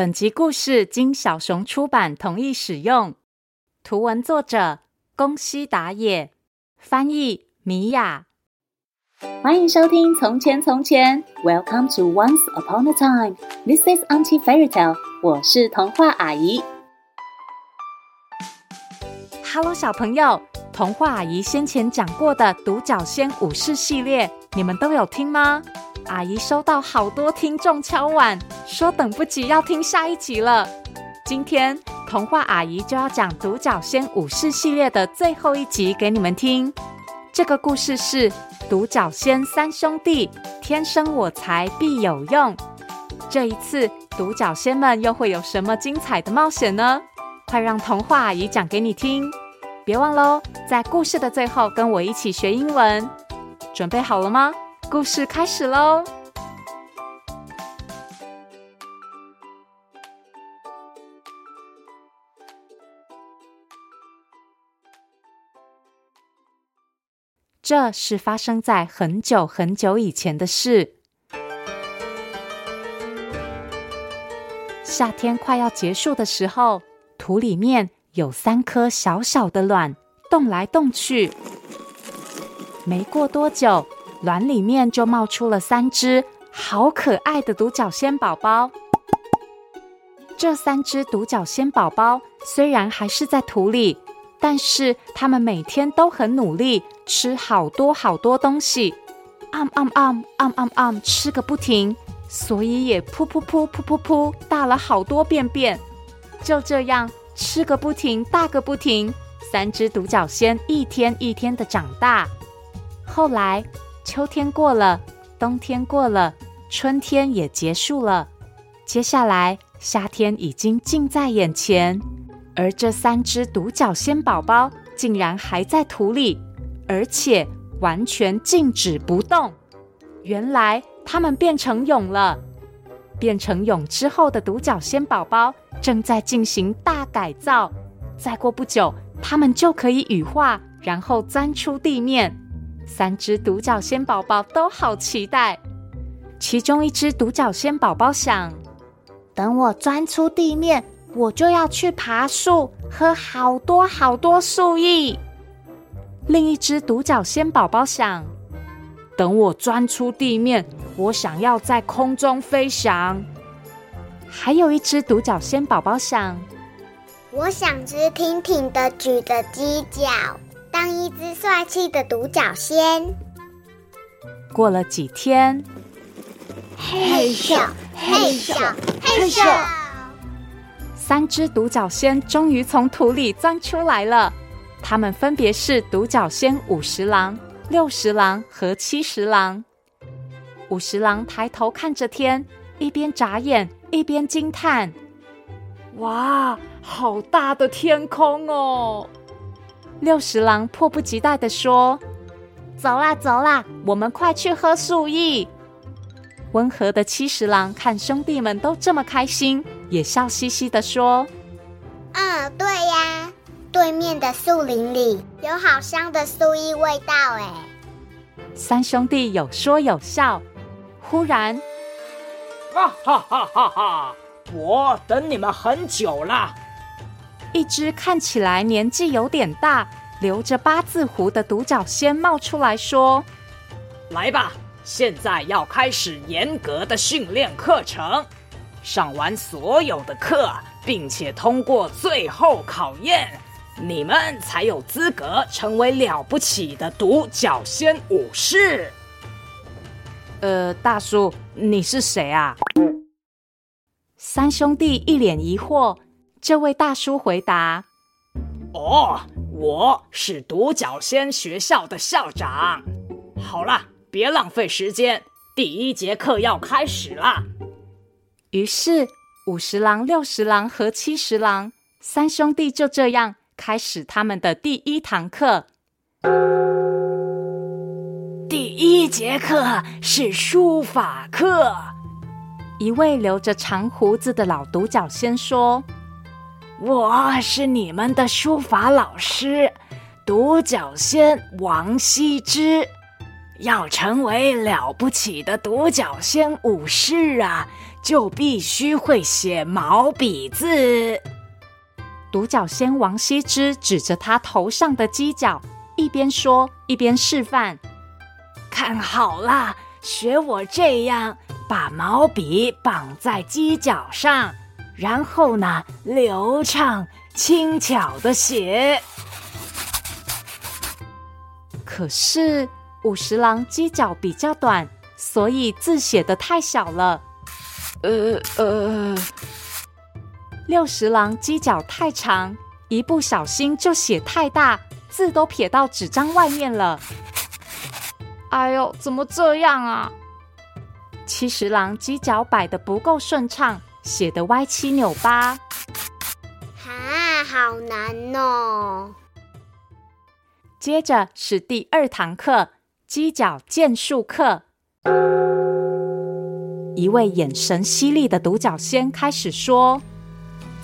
本集故事經小熊出版同意使用，圖文作者宮西達也，翻譯米雅。歡迎收聽《從前從前》，Welcome to Once Upon a Time，This is Auntie Fairytale，我是童話阿姨。Hello，小朋友，童話阿姨先前講過的《獨角仙武士》系列，你們都有聽嗎？阿姨收到好多聽眾敲碗，說等不及要聽下一集了。今天童話阿姨就要講《獨角仙武士》系列的最後一集給你們聽。這個故事是《獨角仙三兄弟》，天生我才必有用。這一次獨角仙們又會有什麼精彩的冒險呢？快讓童話阿姨講給你聽！別忘嘍，在故事的最後跟我一起學英文。準備好了嗎？故事開始嘍！這是發生在很久很久以前的事。夏天快要結束的時候，土裡面有三顆小小的卵，動來動去。沒過多久。卵裡面就冒出了三隻好可愛的獨角仙寶寶。這三隻獨角仙寶寶雖然還是在土裡，但是它們每天都很努力，吃好多好多東西，嗯嗯嗯嗯嗯嗯，嗯，吃個不停，所以也噗噗噗噗噗噗大了好多便便。就這樣吃個不停，大個不停，三隻獨角仙一天一天的長大。後來。秋天過了，冬天過了，春天也結束了。接下來，夏天已經近在眼前。而這三隻獨角仙寶寶竟然還在土裡，而且完全靜止不動。原來，它們變成蛹了。變成蛹之後的獨角仙寶寶正在進行大改造。再過不久，它們就可以羽化，然後鑽出地面。三隻獨角仙寶寶都好期待。其中一隻獨角仙寶寶想：“等我鑽出地面，我就要去爬樹，喝好多好多樹液。”另一隻獨角仙寶寶想：“等我鑽出地面，我想要在空中飛翔。”還有一隻獨角仙寶寶想：“我想直挺挺的舉着犄角。”當一只帥氣的獨角仙。過了幾天，嘿咻嘿咻嘿咻，三隻獨角仙終於從土裡鑽出來了。他們分別是獨角仙五十郎、六十郎和七十郎。五十郎抬頭看着天，一邊眨眼一邊驚嘆：“哇，好大的天空哦！”六十郎迫不及待地說：“走啦，走啦，我們快去喝樹液。”溫和的七十郎看兄弟們都這麼開心，也笑嘻嘻地說：“嗯，對呀，對面的樹林裡有好香的樹液味道哎。”三兄弟有說有笑，忽然，哈哈哈哈！我等你們很久了。一隻看起來年紀有點大、留着八字鬍的獨角仙冒出來說：“來吧，現在要開始嚴格的訓練課程。上完所有的課，並且通過最後考驗，你們才有資格成為了不起的獨角仙武士。”呃，大叔，你是誰啊？三兄弟一臉疑惑。這位大叔回答：“哦，我是獨角仙學校的校長。好啦，別浪費時間，第一節課要開始啦。”於是五十郎、六十郎和七十郎三兄弟就這樣開始他們的第一堂課。第一節課是書法課，一位留着長鬍子的老獨角仙說。我是你們的書法老師，獨角仙王羲之。要成為了不起的獨角仙武士啊，就必須會寫毛筆字。獨角仙王羲之指着他頭上的犄角，一邊說一邊示範：“看好了，學我這樣，把毛筆綁在犄角上。”然後呢，流暢輕巧地寫。可是五十郎犄角比較短，所以字寫得太小了。呃呃，六十郎犄角太長，一不小心就寫太大，字都撇到紙張外面了。哎呦，怎麼這樣啊？七十郎犄角擺的不夠順暢。寫的歪七扭八，哈、啊，好難哦！接着是第二堂課——犄角劍術課。嗯、一位眼神犀利的獨角仙開始說：“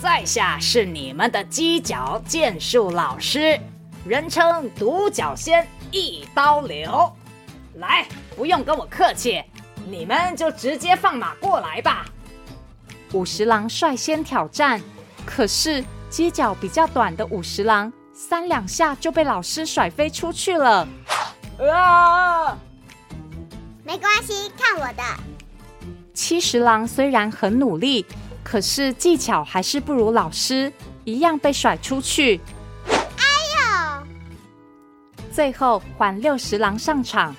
在下是你們的犄角劍術老師，人稱獨角仙一刀流。來，不用跟我客氣，你們就直接放馬過來吧。”五十郎率先挑戰，可是犄角比較短的五十郎，三兩下就被老師甩飛出去了。啊！沒關係，看我的。七十郎雖然很努力，可是技巧還是不如老師，一樣被甩出去。哎呦！最後換六十郎上場，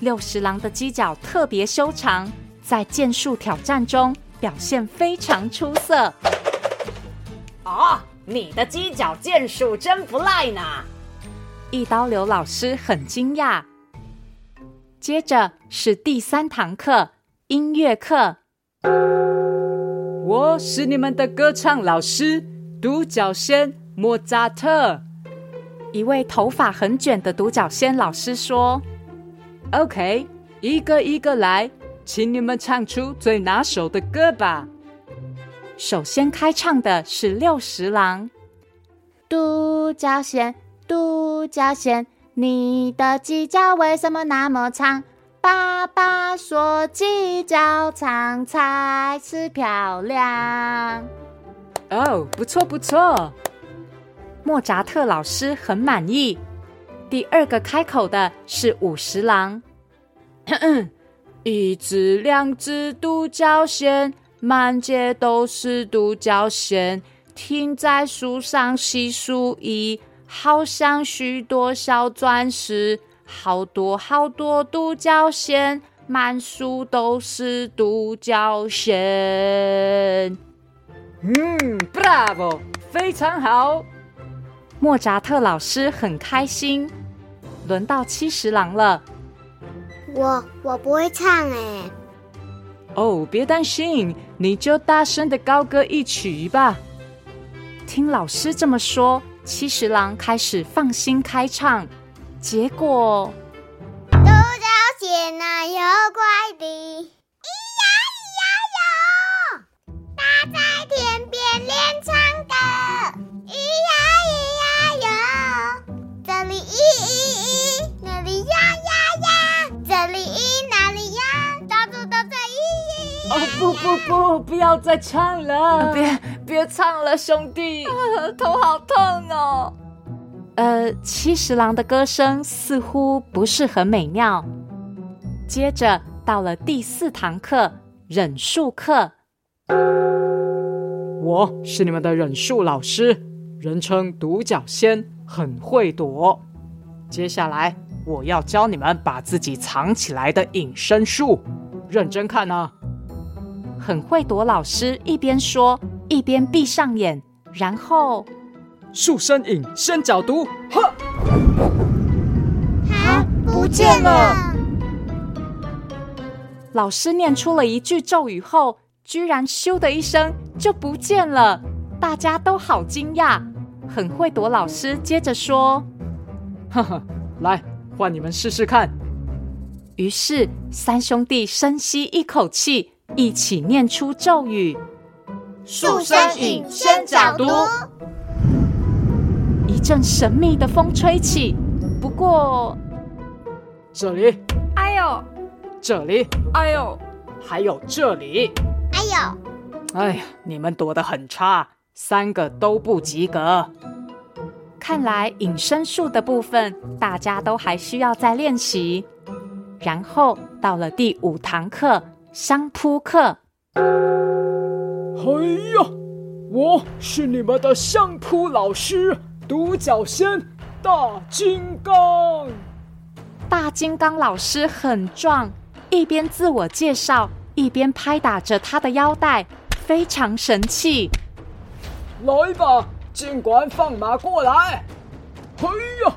六十郎的犄角特別修長，在劍術挑戰中，表現非常出色啊！Oh, 你的犄角劍術真不賴呢。一刀流老師很驚訝。接着是第三堂課——音樂課。我是你們的歌唱老師，獨角仙莫扎特。Mozart、一位頭髮很卷的獨角仙老師說：“OK，一個一個來。”請你們唱出最拿手的歌吧。首先開唱的是六十郎。獨角仙，獨角仙，你的犄角為什麼那麼長？爸爸說，犄角長才是漂亮。哦、oh，不錯不錯，莫扎特老師很滿意。第二個開口的是五十郎。 一隻兩隻獨角仙，滿街都是獨角仙。停在樹上細數一，好像許多小鑽石。好多好多獨角仙，滿樹都是獨角仙。嗯，bravo，非常好。莫扎特老師很開心。輪到七十郎了。我我不會唱哎、欸！哦，oh, 別擔心，你就大聲的高歌一曲吧。聽老師這麼說，七十郎開始放心開唱，結果。都了解了有哦、不不不！不要再唱了，別別唱了，兄弟， 頭好痛哦。呃，七十郎的歌聲似乎不是很美妙。接着到了第四堂課——忍術課。我是你們的忍術老師，人稱獨角仙，很會躲。接下來我要教你們把自己藏起來的隱身術，認真看呢、啊。很會躲老師，一邊說一邊閉上眼，然後，樹身影，身腳讀，哈、啊，不見了。老師念出了一句咒語後，居然“咻”的一聲就不見了，大家都好驚訝。很會躲老師接着說：“哈哈，來換你們試試看。”於是三兄弟深吸一口氣。一起念出咒語，樹身隱，身長多。一陣神秘的風吹起，不過這裡，哎呦，這裡，哎呦，還有這裡，哎呦，哎呀，你們躲得很差，三個都不及格。看來隱身術的部分，大家都還需要再練習。然後到了第五堂課。相撲課。嘿呀，我是你們的相撲老師，獨角仙大金剛。大金剛老師很壯，一邊自我介紹，一邊拍打着他的腰帶，非常神氣。來吧，盡管放馬過來。嘿呀！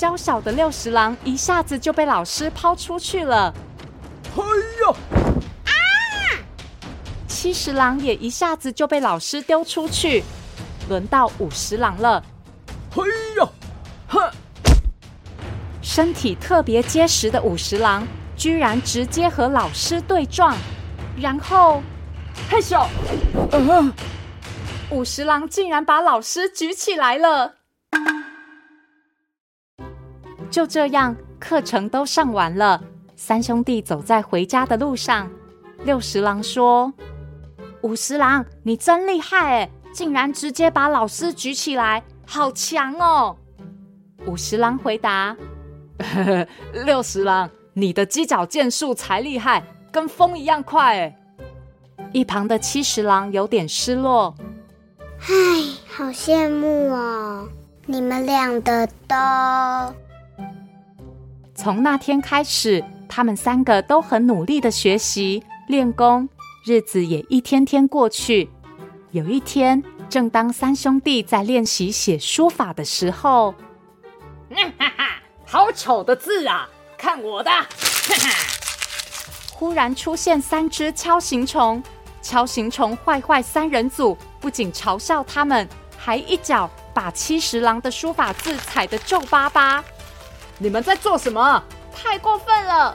嬌小的六十郎一下子就被老師拋出去了。嘿呀！啊！七十郎也一下子就被老師丟出去。輪到五十郎了。嘿呀！哈！身體特別結實的五十郎居然直接和老師對撞，然後，太小！啊！五十郎竟然把老師舉起來了。就這樣，課程都上完了。三兄弟走在回家的路上。六十郎說：“五十郎，你真厲害哎，竟然直接把老師舉起來，好強哦！”五十郎回答：“ 六十郎，你的犄角劍術才厲害，跟風一樣快哎。”一旁的七十郎有點失落：“唉，好羨慕哦，你們兩個都。”從那天開始，他們三個都很努力的學習練功，日子也一天天過去。有一天，正當三兄弟在練習寫書法的時候，哈哈哈，好醜的字啊！看我的！哈哈，忽然出現三隻鍬形蟲，鍬形蟲壞壞三人組不僅嘲笑他們，還一腳把七十郎的書法字踩得皺巴巴。你們在做什麼？太過分了！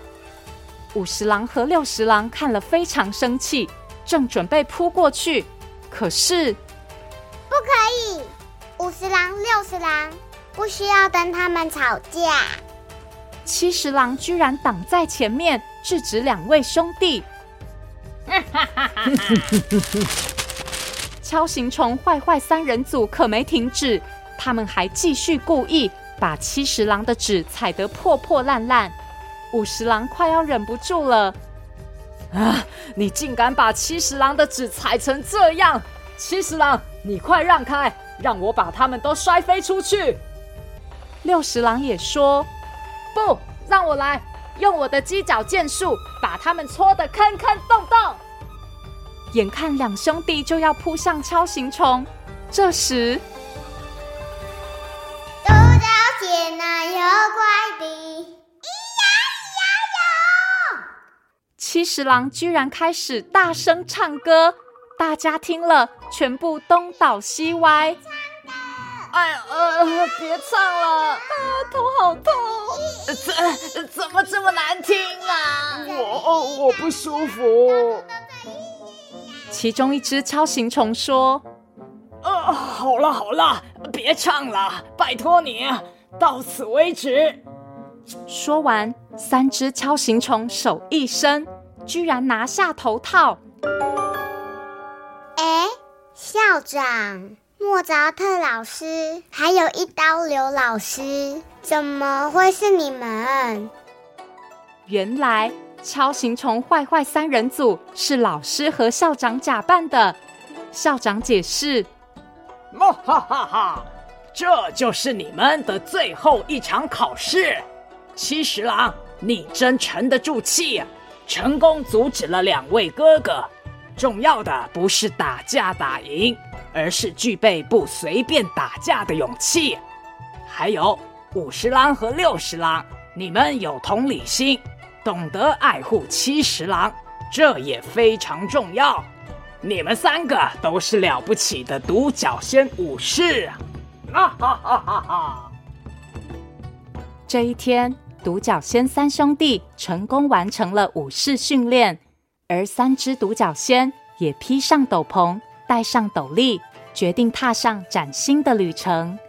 五十郎和六十郎看了非常生氣，正準備撲過去，可是，不可以。五十郎、六十郎不需要跟他們吵架。七十郎居然擋在前面制止兩位兄弟。哈哈哈哈！鍬形蟲壞壞三人組可沒停止，他們還繼續故意。把七十郎的紙踩得破破爛爛，五十郎快要忍不住了。啊！你竟敢把七十郎的紙踩成這樣！七十郎，你快讓開，讓我把他們都摔飛出去。六十郎也說：“不，讓我來，用我的犄角劍術把他們戳得坑坑洞洞。”眼看兩兄弟就要撲向鍬形蟲，這時。有怪的七十郎居然開始大聲唱歌，大家聽了全部東倒西歪。哎呀、呃，別唱了、啊，頭好痛！怎怎麼這麼難聽啊？我我不舒服。其中一只鍬形蟲說：“哦好了好了，別唱了，拜託你。”到此為止。說完，三只鍬形蟲手一伸，居然拿下頭套。哎、欸，校長、莫扎特老師，還有一刀流老師，怎麼會是你們？原來鍬形蟲壞壞三人組是老師和校長假扮的。校長解釋，莫哈哈哈哈。這就是你們的最後一場考試，七十郎，你真沉得住氣，成功阻止了兩位哥哥。重要的不是打架打贏，而是具備不隨便打架的勇氣。還有五十郎和六十郎，你們有同理心，懂得愛護七十郎，這也非常重要。你們三個都是了不起的獨角仙武士。哈哈哈哈！ 這一天，獨角仙三兄弟成功完成了武士訓練，而三隻獨角仙也披上斗篷，戴上斗笠，決定踏上嶄新的旅程。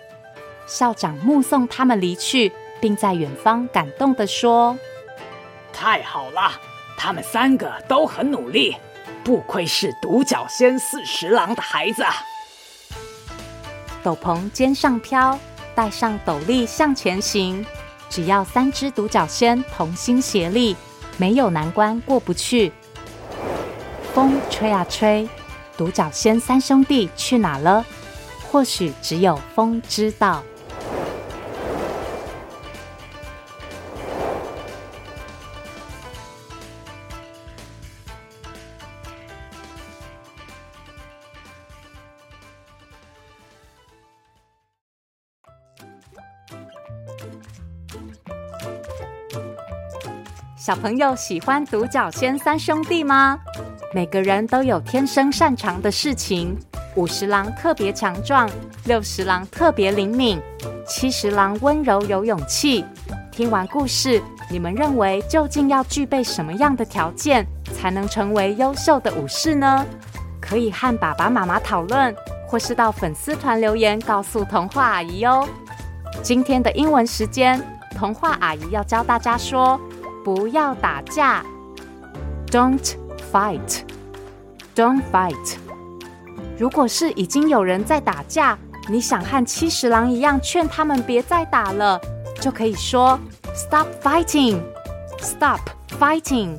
校長目送他們離去，並在遠方感動地說：“太好了，他們三個都很努力，不愧是獨角仙四十郎的孩子。”斗篷肩上飄，戴上斗笠向前行。只要三隻獨角仙同心協力，沒有難關過不去。風吹啊吹，獨角仙三兄弟去哪了？或許只有風知道。小朋友喜歡獨角仙三兄弟嗎？每個人都有天生擅長的事情。五十郎特別強壯，六十郎特別靈敏，七十郎溫柔有勇氣。聽完故事，你們認為究竟要具備什麼樣的條件，才能成為優秀的武士呢？可以和爸爸媽媽討論，或是到粉絲團留言告訴童話阿姨哦。今天的英文時間，童話阿姨要教大家說，不要打架，Don't fight，Don't fight Don't fight. 如果是已經有人在打架，你想和七十郎一樣勸他們別再打了，就可以說 Stop fighting，Stop fighting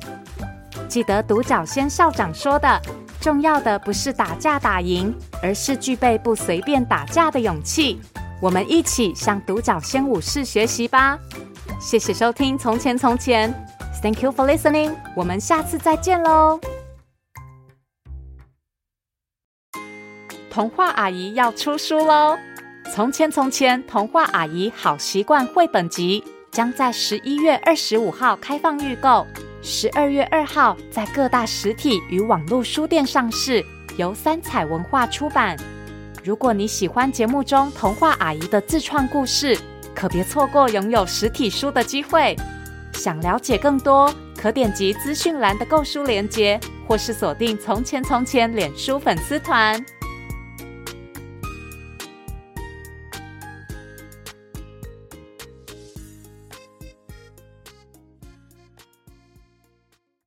Stop fighting. 記得獨角仙校長說的，重要的不是打架打贏，而是具備不隨便打架的勇氣。我們一起向獨角仙武士學習吧。謝謝收聽《從前從前》，Thank you for listening。我們下次再見嘍！童話阿姨要出書嘍，《從前從前童話阿姨好習慣繪本集》將在十一月二十五號開放預購，十二月二號在各大實體與網絡書店上市，由三采文化出版。如果你喜歡節目中童話阿姨的自創故事，可別錯過擁有實體書的機會，想了解更多，可點擊資訊欄的購書連結，或是鎖定《從前從前》臉書粉絲團。